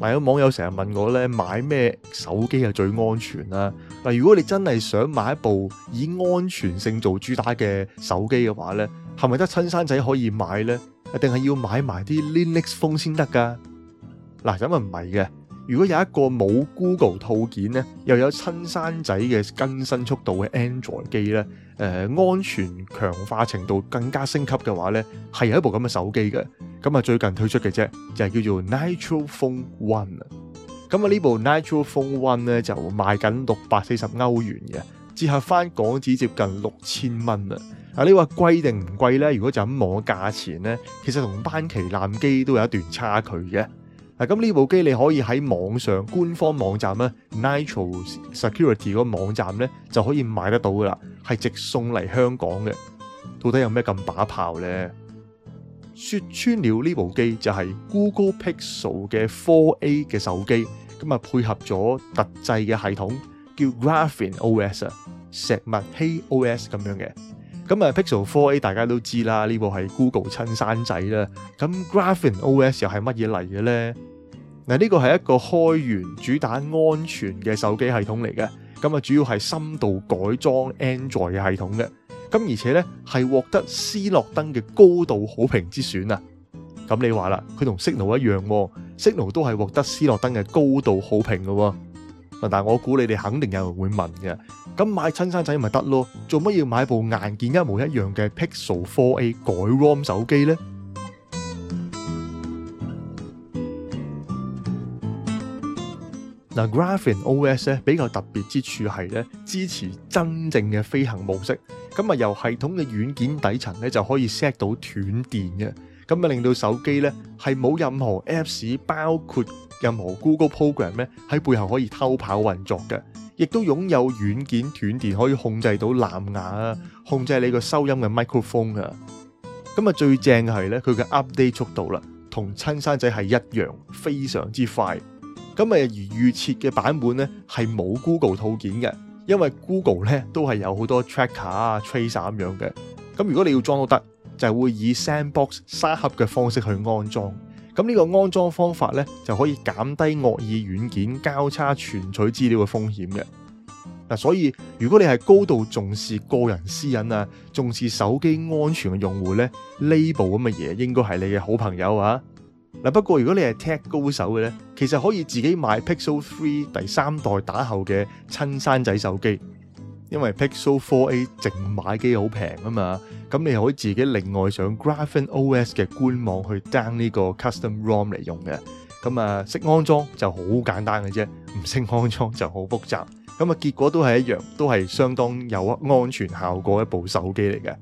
嗱，有網友成日問我咧，買咩手機係最安全啦？嗱，如果你真係想買一部以安全性做主打嘅手機嘅話咧，係咪得親生仔可以買呢？一定係要買埋啲 Linux Phone 先得㗎？嗱，咁啊唔係嘅。如果有一個冇 Google 套件呢，又有親生仔嘅更新速度嘅 Android 機呢，誒，安全強化程度更加升級嘅話呢，係有一部咁嘅手機嘅。咁啊，最近推出嘅啫，就係叫做 Nitro Phone One。咁啊，呢部 Nitro Phone One 咧就賣緊六百四十歐元嘅，折合翻港紙接近六千蚊啊。啊，你話貴定唔貴呢？如果就咁望嘅價錢咧，其實同班旗艦機都有一段差距嘅。嗱，咁呢部機你可以喺網上官方網站咧，Nitro Security 嗰個網站呢，就可以買得到噶啦，係直送嚟香港嘅。到底有咩咁把炮呢？，說穿了呢部機就係 Google Pixel 4A 嘅手機，咁啊配合咗特製嘅系統叫 Graphene OS 啊，石墨烯 OS 咁樣嘅。咁啊 Pixel 4A 大家都知啦，呢部係 Google 親生仔啦。咁咁而且咧，係獲得斯諾登嘅高度好評之選啊！咁你話啦，佢同 Signal 一樣，Signal 都係獲得斯諾登嘅高度好評嘅。但係我估你哋肯定有人會問嘅，咁買親生仔咪得咯，做乜要買部硬件一模一樣嘅 Pixel Four A 改 ROM 手機咧？嗱 Graphene OS 咧，比較特別之處係咧，支持真正嘅飛行模式，咁啊由系統嘅軟件底層咧，就可以 set 到斷電嘅，咁啊令到手機咧，係冇任何 Apps 包括任何 Google Program 咧喺背後可以偷跑運作嘅，亦都擁有軟件斷電可以控制到藍牙啊，控制你個收音嘅 microphone 啊，咁啊最正係咧佢嘅 update 速度啦，同親生仔係一樣，非常之快。咁啊，而預設嘅版本呢，係冇 Google 套件嘅，因為 Google 呢都係有好多 Tracker 啊、Tracer 咁樣嘅。咁如果你要裝都得，就會以 Sandbox 沙盒嘅方式去安裝。咁呢個安裝方法呢，就可以減低惡意軟件交叉存取資料嘅風險嘅。嗱，所以如果你係高度重視個人私隱啊、重視手機安全嘅用戶呢，呢部咁嘅嘢應該係你嘅好朋友啊！嗱，不過如果你係 Tech 高手嘅咧，其實可以自己買 Pixel 3第三代打後嘅親生仔手機，因為 Pixel 4A 淨買機好平啊嘛，咁你可以自己另外上 Graphene OS 嘅官網去 down 呢個 custom ROM 嚟用嘅，咁啊識安裝就好簡單嘅啫，唔識安裝就好複雜，咁、嗯、啊結果都係一樣，都係相當有安全效果一部手機嚟嘅。